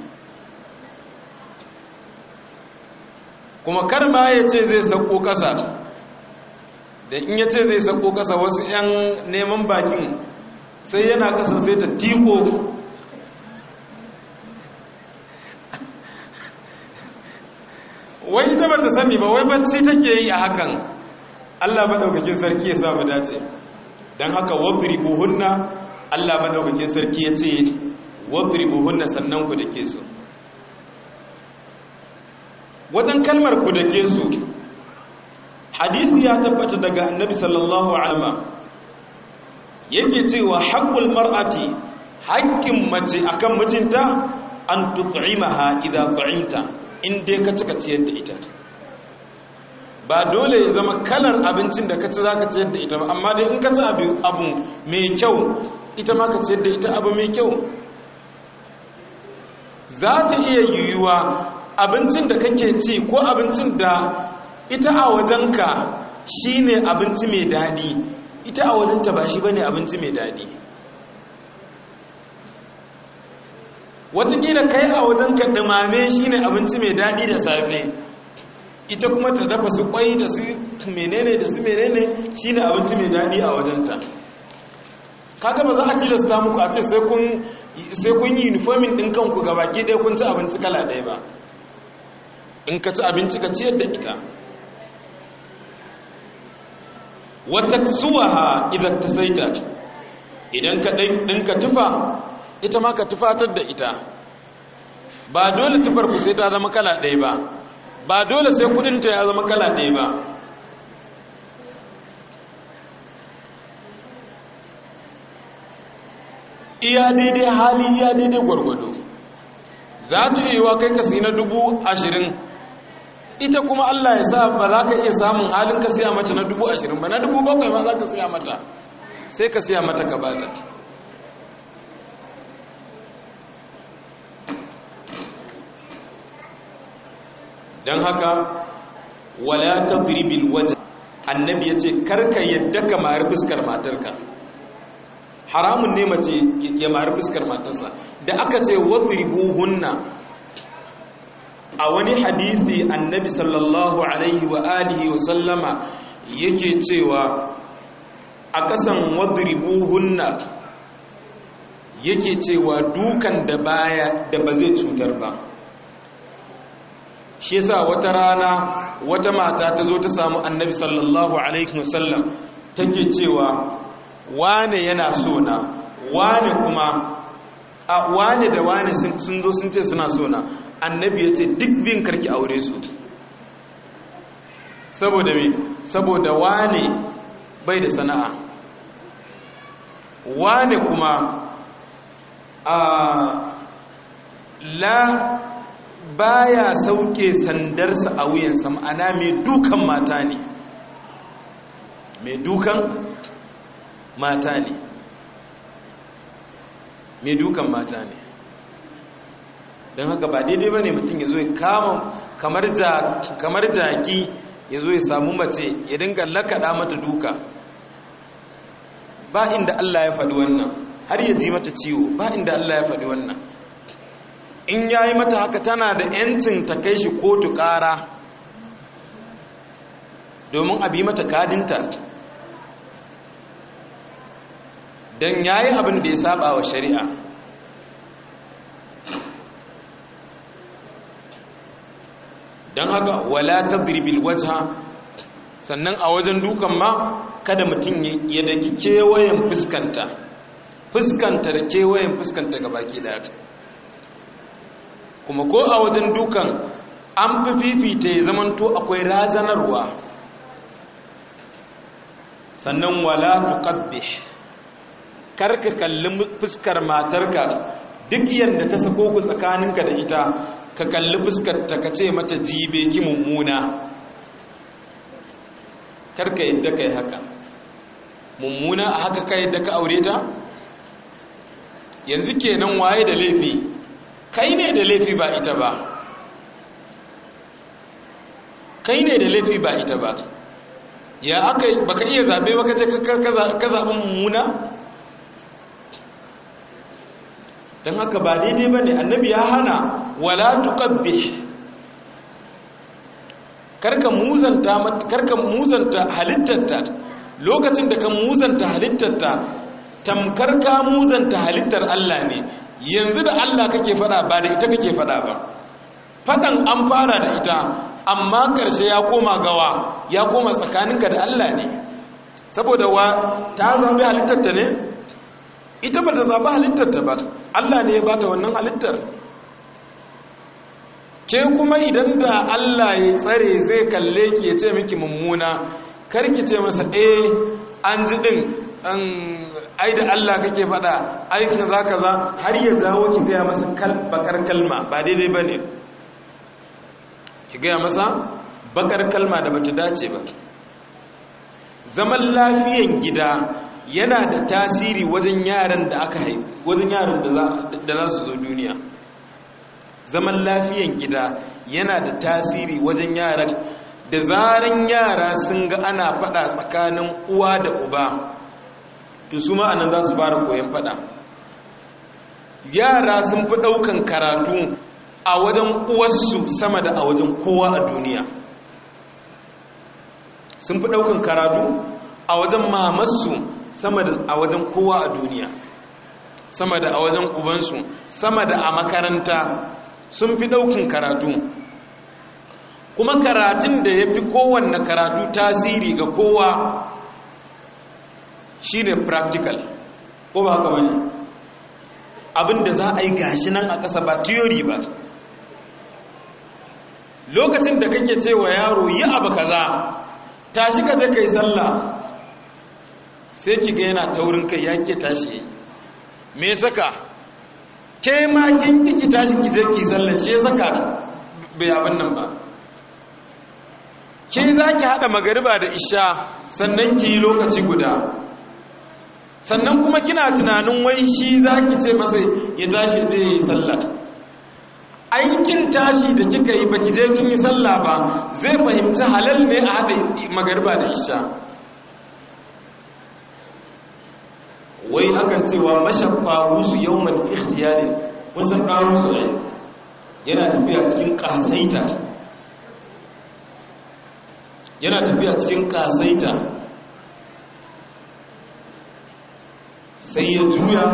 kuma kar ma ya ce zai sako kasa da in ya ce zai sako kasa wasu 'yan neman bakin sai yana kasan sai ta tiko wai ta bata sani ba wai bacci take yi a hakan allah maɗaukakin sarki ya samu dace don haka wadribuhunna allah maɗaukakin sarki ya ce wadribuhunna sannan ku dake su wajen kalmar ku dake su hadisi ya tabbata daga annabi sallallahu alaihi wa yake cewa haqqul mar'ati haqqin mace akan mijinta an tut'imaha idza tu'imta in dai ka cika ciyar da ita ba dole ya zama kalar abincin da ka ci za ka ciyar da ita ba amma dai in ka ci abu mai kyau ita ma ka ciyar da ita abu mai kyau za ta iya yiwuwa abincin da kake ci ko abincin da ita a wajenka shi ne abinci mai daɗi ita a wajenta ba shi ba ne abinci mai daɗi watakila kai a wajenka ɗumame shi ne abinci mai daɗi da safe ita kuma ta dafa su kwai da su menene da su menene shi ne abinci mai daɗi a wajenta kaga ba za a tilasta muku a ce sai kun sai kun yi uniformin ɗin kanku ga baki ɗaya kun ci abinci kala ɗaya ba in ka ci abinci ka ciyar da ita wata zuwa ha idan ta saita idan ka ɗin ka tufa ita ma ka tufatar da ita ba dole tufar ku sai ta zama kala ɗaya ba ba dole sai kudinta ya zama kala ɗaya ba iya daidai hali iya daidai gwargwado za ta iya wa kai ka na dubu ashirin ita kuma allah ya sa ba za ka iya samun halin ka siya mata na dubu ashirin ba na dubu bakwai ma za ka siya mata sai ka siya mata ka bata don haka wala ta waje annabi ya ce karka yadda ka mari fuskar matarka haramun ne mace ya mara fuskar matarsa da aka ce wadribu hunna a wani hadisi annabi sallallahu alaihi wa alihi wa sallama yake cewa a kasan wadribu hunna yake cewa dukan da baya da ba zai cutar ba shi yasa wata rana wata mata ta zo ta samu annabi sallallahu alaihi wasallam take cewa wane yana sona wane kuma a wane da wane sun zo sun ce suna sona annabi ya ce duk bin karki aure su saboda me saboda wane bai da sana'a wane kuma a la baya sauke sandarsa a wuyansa ma'ana mai dukan mata ne mai dukan mata ne mai dukan mata ne don haka ba daidai ba ne mutum ya zo ya kama kamar jaki ya zo ya samu mace ya dinga lakaɗa mata duka ba inda Allah ya faɗi wannan har ya ji mata ciwo ba inda Allah ya faɗi wannan in ya yi mata haka tana da 'yancin ta kai shi kotu ƙara domin abi mata kadinta don ya yi abin da ya saba wa shari'a don haka wala ta zirbil wata sannan a wajen dukan ma kada mutum ya daki kewayen fuskanta fuskanta da kewayen fuskanta ga baki da kuma ko a wajen dukan an fi fifita ya zamanto akwai razanarwa sannan wala tuqabbih karka kalli fuskar matarka duk yadda ta sako ku tsakaninka da ita ka kalli fuskar ta ka ce mata jibe ki mummuna karka yadda kai haka mummuna a haka kai yadda ka aure ta yanzu kenan waye da laifi kai ne da laifi ba ita ba kai ne da laifi ba ita ba ya aka baka iya zabe ba ka je ka zaɓi mummuna don haka ba daidai ba ne annabi ya hana wala tuqabbih karka muzanta halittarta lokacin da ka muzanta halittarta tamkar ka muzanta halittar Allah ne yanzu da Allah kake fada ba da ita kake fada ba fadan an fara da ita amma karshe ya koma gawa ya koma tsakaninka da Allah ne saboda wa ta zabi halittarta ne ita ba ta zaɓi halittar ta ba allah ne ya bata wannan halittar ke kuma idan da allah ya tsare zai kalle ki ya ce miki mummuna karki ce masa eh an ji din an ai da allah kake faɗa aikin za ka za har ya dawo ki gaya masa bakar kalma ba daidai ba ne ki gaya masa bakar kalma da bata dace ba zaman lafiyan gida yana da tasiri wajen yaran da aka haifu wajen yaran da za su zo duniya zaman lafiyan gida yana da tasiri wajen yaran da zaren yara sun ga ana fada tsakanin uwa da uba to su ma'anan za su fara koyan fada yara sun fi daukan karatu a wajen uwarsu sama da a wajen kowa a duniya sun fi daukan karatu a wajen mamarsu sama da a wajen kowa a duniya sama da a wajen ubansu sama da a makaranta sun fi ɗaukin karatu kuma karatun da ya fi kowanne karatu tasiri ga kowa shi ne practical ko ba ka wani abinda za a yi gashi nan a ƙasa ba theory ba lokacin da kake cewa yaro yi abu kaza tashi ka je ka yi sallah sai ki ga yana taurin kai ya ke tashi yi me saka ke ma kin ki tashi ki je ki sallan shi saka bai abin nan ba ke za ki haɗa magariba da isha sannan ki yi lokaci guda sannan kuma kina tunanin wai shi za ki ce masa ya tashi zai yi sallar aikin tashi da kika yi ki je kin yi sallah ba zai fahimci halal ne a haɗa magariba da isha wai akan cewa mashar ƙarusu yawman ikhtiyari kun san ƙarusu ne yana tafiya cikin ƙasaita yana tafiya cikin ƙasaita sai ya juya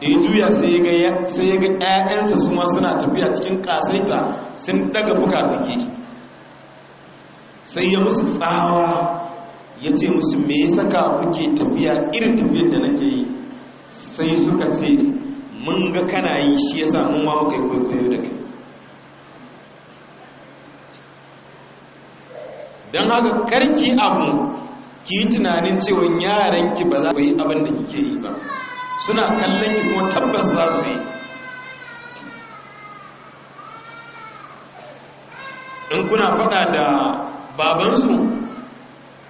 da ya juya sai ya ga ‘ya'yansa su ma suna tafiya cikin ƙasaita sun daga buka-buki sai ya musu tsawa ya ce musu me ya saka kuke tafiya irin tafiyar da nake yi sai suka ce mun ga kana yi shi ya samu ma muka yi kwaikwayo da kai don haka karki abu ki yi tunanin cewa yaranki ba za ku yi abin da kike yi ba suna kallon ki kuma tabbas za su yi in kuna faɗa da babansu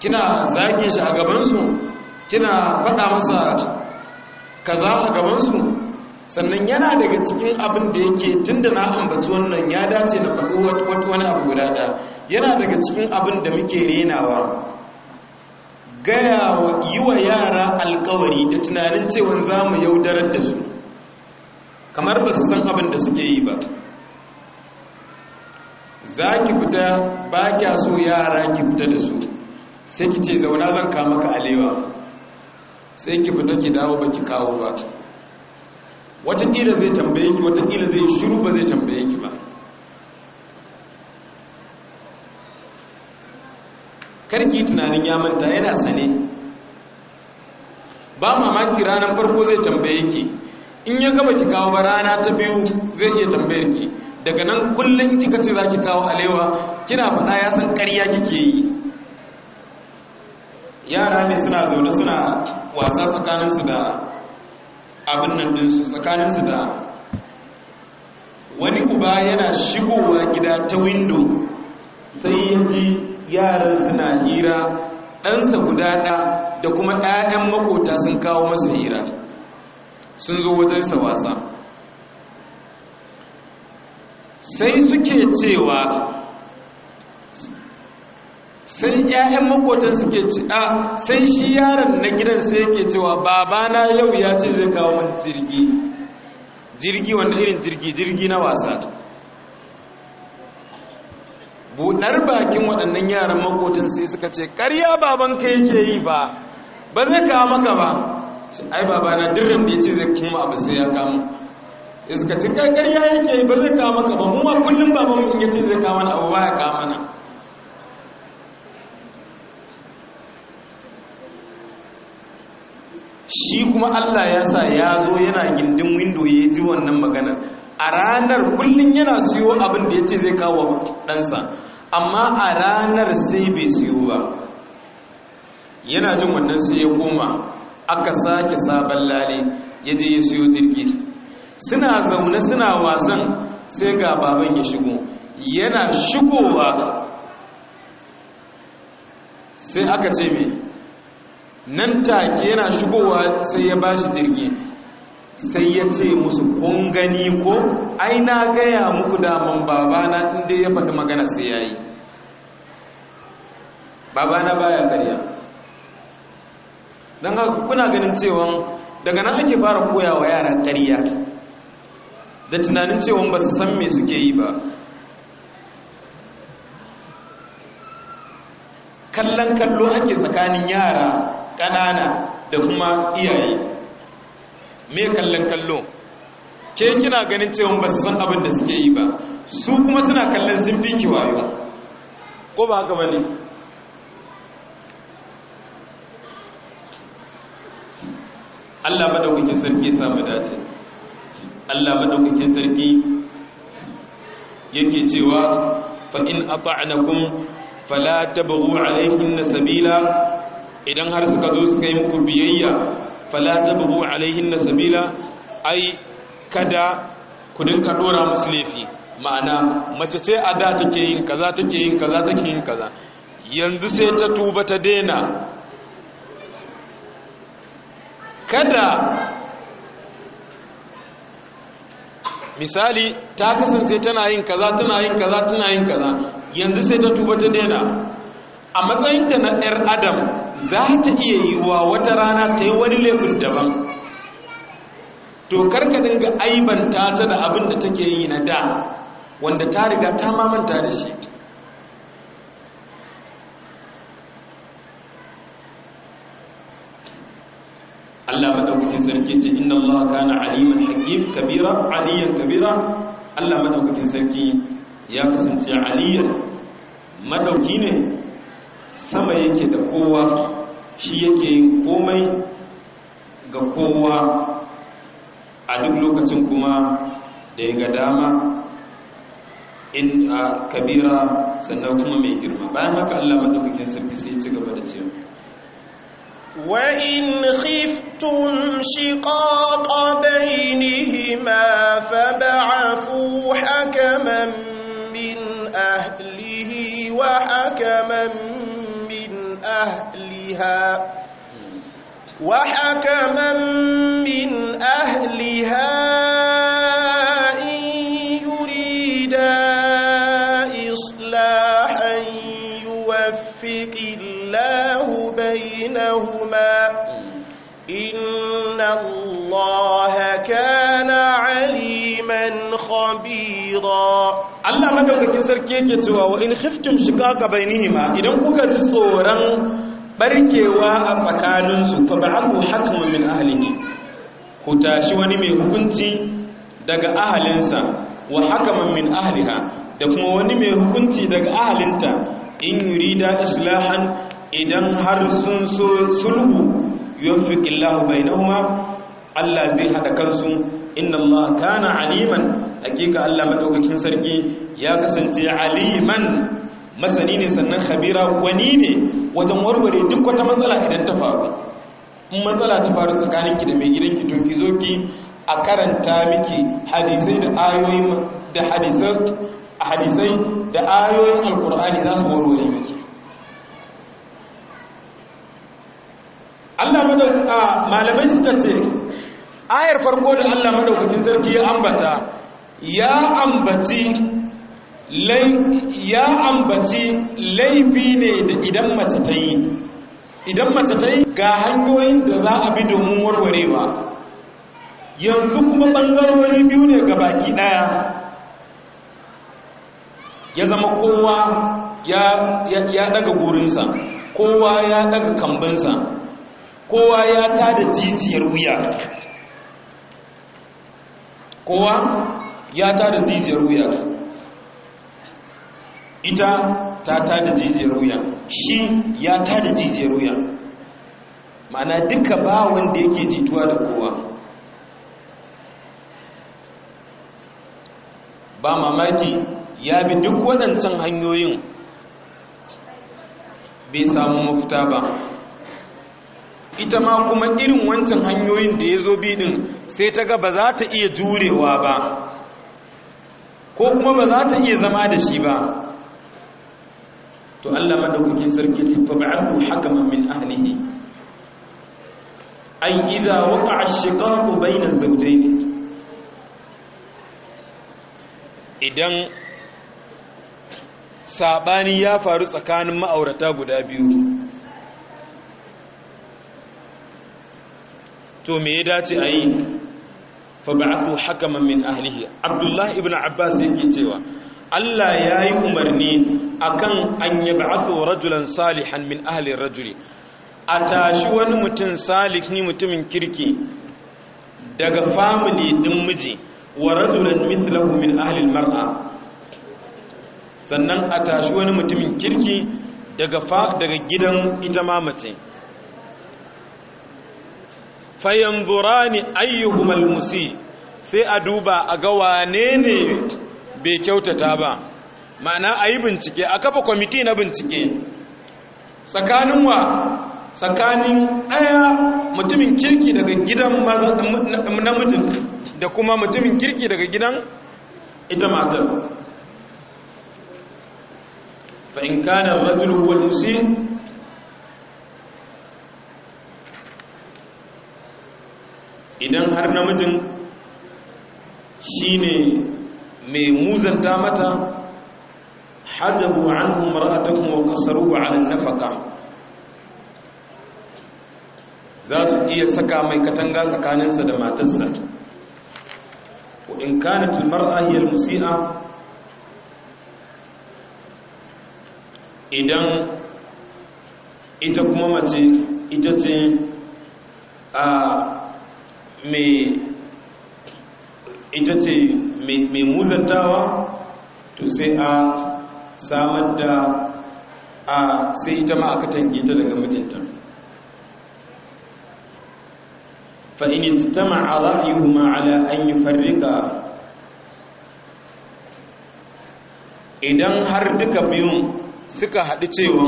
kina zagin shi a gabansu kina faɗa masa kaza a gabansu sannan yana daga cikin abin da yake tun da na ambaci wannan ya dace na faɗo wani abu guda ɗaya yana daga cikin abin da muke renawa gaya yi wa yara alkawari da tunanin cewa za mu yaudarar da su kamar ba su san abin da suke yi ba za ki fita ba kya so yara ki fita da su sai ki ce zauna zan kama ka alewa sai ki fita ki dawo ba ki kawo ba watakila zai tambaye ki watakila zai shiru ba zai tambaye ki ba karki tunanin ya manta yana sane ba mamaki ranar farko zai tambaye ki in ya gaba ki kawo ba rana ta biyu zai iya tambayar ki daga nan kullum kika ce za ki kawo alewa kina faɗa ya san ƙarya kike yi yara ne suna zaune suna wasa tsakaninsu da abin nan ɗinsu tsakaninsu da wani uba yana shigowa gida ta windo sai ya ji yaran suna hira ɗansa guda ɗa da kuma ‘ya'yan makota sun kawo masa hira sun zo wajensa wasa sai suke cewa sai ƴaƴan makotan suke ci a sai shi yaron na gidan sai yake cewa babana yau ya ce zai kawo mana jirgi jirgi wanda irin jirgi jirgi na wasa buɗar bakin waɗannan yaran makotan sai suka ce ƙarya babanka yake yi ba ba zai kawo maka ba ai babana dirrin da ya ce zai kuma abu sai ya kama iska cikin ƙarya yake yi ba zai kawo maka ba mu ma kullum babanmu in ya zai kawo mana abu ba ya kawo mana shi kuma Allah ya sa ya zo yana gindin windo ya ji wannan magana, a ranar kullum yana siyo abin da ya ce zai kawo ɗansa amma a ranar sai bai siyo ba yana jin wannan sai ya koma aka sake sabon lale ya je ya siyo jirgi suna zaune suna wasan sai ga baban ya shigo yana shigowa sai aka ce mai nan take yana shigowa sai ya bashi jirgi sai ya ce musu kun ko ai na gaya muku daman babana inda ya faɗi magana sai ya yi babana baya karya don haka kuna ganin cewa daga nan ake fara koya wa yara karya da tunanin cewa ba su san me suke yi ba kallon kallo ake tsakanin yara kanana da kuma iyaye me kallon kallo ke kina ganin cewa ba su san abin da suke yi ba su kuma suna kallon sun fi wayo ko ba haka bane Allah madaukakin sarki ya samu dace Allah madaukakin sarki yake cewa fa in ata'nakum fala tabghu na sabila idan har suka zo suka yi muku biyayya fala tabghu alaihinna sabila ai kada ku dinka dora musu laifi ma'ana mace ce a da take yin kaza take yin kaza take yin kaza yanzu sai ta tuba ta dena kada misali ta kasance tana yin kaza tana yin kaza tana yin kaza yanzu sai ta tuba ta dena a matsayinta na ɗar adam za ta iya yi wa wata rana ta yi wani laifin daban to karka dinga aibanta ta da abin da take yi na da wanda ta riga ta mamanta da shi Allah madaukakin sarki ce inna Allah kana aliman hakim kabira aliyan kabira Allah madaukakin sarki ya kasance aliyan madauki ne sama yake da kowa shi yake yin komai ga kowa a duk lokacin kuma da ya ga dama in a kabira sannan kuma mai girma bayan haka Allah madaukakin sarki sai ci gaba da cewa wa in khiftum shiqaqa bainihima fab'athu hakaman min ahlihi wa hakaman أهلها وحكما من أهلها إن يريدا إصلاحا يوفق الله بينهما إن الله كان عليما خبيرا Allah madaukakin sarki yake cewa wa in khiftum shiqaqa bainihima idan kuka ji tsoron barkewa a tsakaninsu fa ba'u hukmun min ahlihi ku tashi wani mai hukunci daga ahalinsa wa hukmun min ahliha da kuma wani mai hukunci daga ahalinta in yurida islahan idan har sun so sulhu yufiqillahu bainahuma Allah zai hada kansu inna Allah kana aliman hakika Allah madaukakin sarki ya kasance aliman masani ne sannan khabira wani ne wajen warware duk wata matsala idan ta faru in matsala ta faru tsakaninki da mai gidanki to ki zo ki a karanta miki hadisai da ayoyi da hadisai hadisai da ayoyin alkur'ani za su warware miki Allah malamai suka ce ayar farko da Allah madaukakin sarki ya ambata ya ambaci ya ambaci laifi ne idan mace ta yi idan mace ta yi ga hanyoyin da za a bi domin warwarewa yanzu kuma ɓangarori biyu ne ga baki ɗaya ya zama kowa ya daga gurinsa kowa ya daga kambinsa kowa ya tada jijiyar wuya kowa ya ta da jijiyar wuya ita ta ta da jijiyar wuya shi ya ta da jijiyar wuya ma'ana duka ba wanda yake jituwa da kowa ba mamaki ya bi duk waɗancan hanyoyin bai samu mafita ba ita ma kuma irin wancan hanyoyin da ya zo bidin sai ta ga ba za ta iya jurewa ba ko kuma ba za ta iya zama da shi ba to Allah madaukakin sarki ce fa ba'ahu hakaman min ahlihi ay idza waqa'a ash-shiqaqu bayna az-zawjayn idan sabani ya faru tsakanin ma'aurata guda biyu to me ya dace a yi fa ba'athu hakaman min ahlihi abdullah ibn abbas yake cewa Allah ya yi umarni akan an yab'athu rajulan salihan min ahli rajuli a tashi wani mutum salihi mutumin kirki daga family din miji wa rajulan mithluhu min ahli mar'a sannan a wani mutumin kirki daga daga gidan ita mamace fayanzurani ayyuhumal musi sai a duba a ga wane ne bai kyautata ba ma'ana a yi bincike a kafa kwamiti na bincike tsakanin wa tsakanin ɗaya mutumin kirki daga gidan namijin da kuma mutumin kirki daga gidan ita matar fa'in kanar rajul wal musi idan har namijin shine mai muzanta mata hajabu anhu mar'atakum wa qasaruhu 'ala an nafaka za su iya saka mai katanga tsakaninsa da matarsa wa in kana tilmar ahiyar musia idan ita kuma mace ita ce a mai ita ce mai muzantawa to sai a samar da a sai ita ma aka tange ta daga mijinta fa'in ijtama a ra'ayuhuma ala an yi farrika idan har duka biyun suka haɗu cewa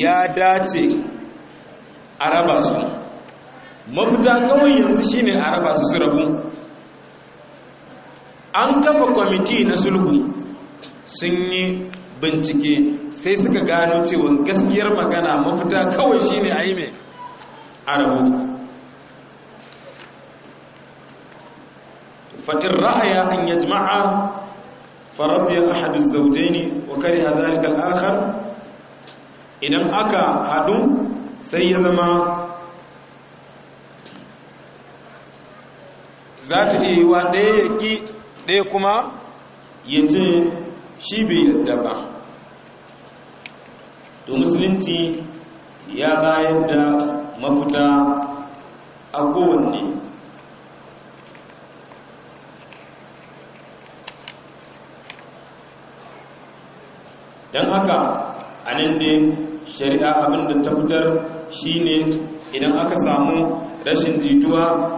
ya dace a raba su mafita kawai yanzu shine a raba su su rabu an kafa kwamiti na sulhu sun yi bincike sai suka gano cewa gaskiyar magana mafita kawai shine a yi mai a rabu فإن رأي أن ne فرضي أحد الزوجين akar idan aka haɗu sai ya zama. za ta iya wa ɗaya ya ƙi ɗaya kuma ya ce shi bai yadda ba to musulunci ya bayar da mafita a kowanne don haka a nan da shari'a abinda ta fitar ne idan aka samu rashin jituwa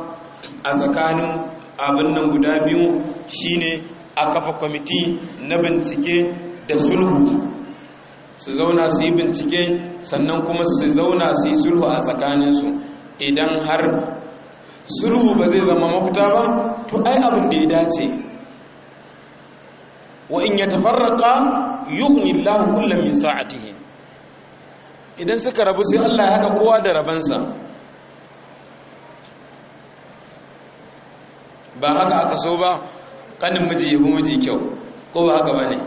a tsakanin abin nan guda biyu shine a kafa kwamiti na bincike da sulhu su zauna su yi bincike sannan kuma su zauna su yi sulhu a tsakaninsu idan har sulhu ba zai zama mafita ba to ai abin da ya dace wa in ya tafarraka yughni Allah kullam min sa'atihi idan suka rabu sai Allah ya hada kowa da rabansa ba haka aka so ba kanin miji ya miji kyau ko ba haka bane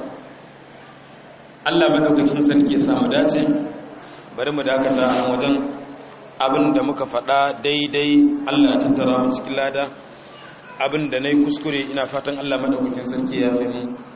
Allah madaukakin sarki ya samu dace bari mu dakata a wajen abin da muka faɗa daidai Allah ya tattara mu cikin lada abin da nayi kuskure ina fatan Allah madaukakin sarki ya fi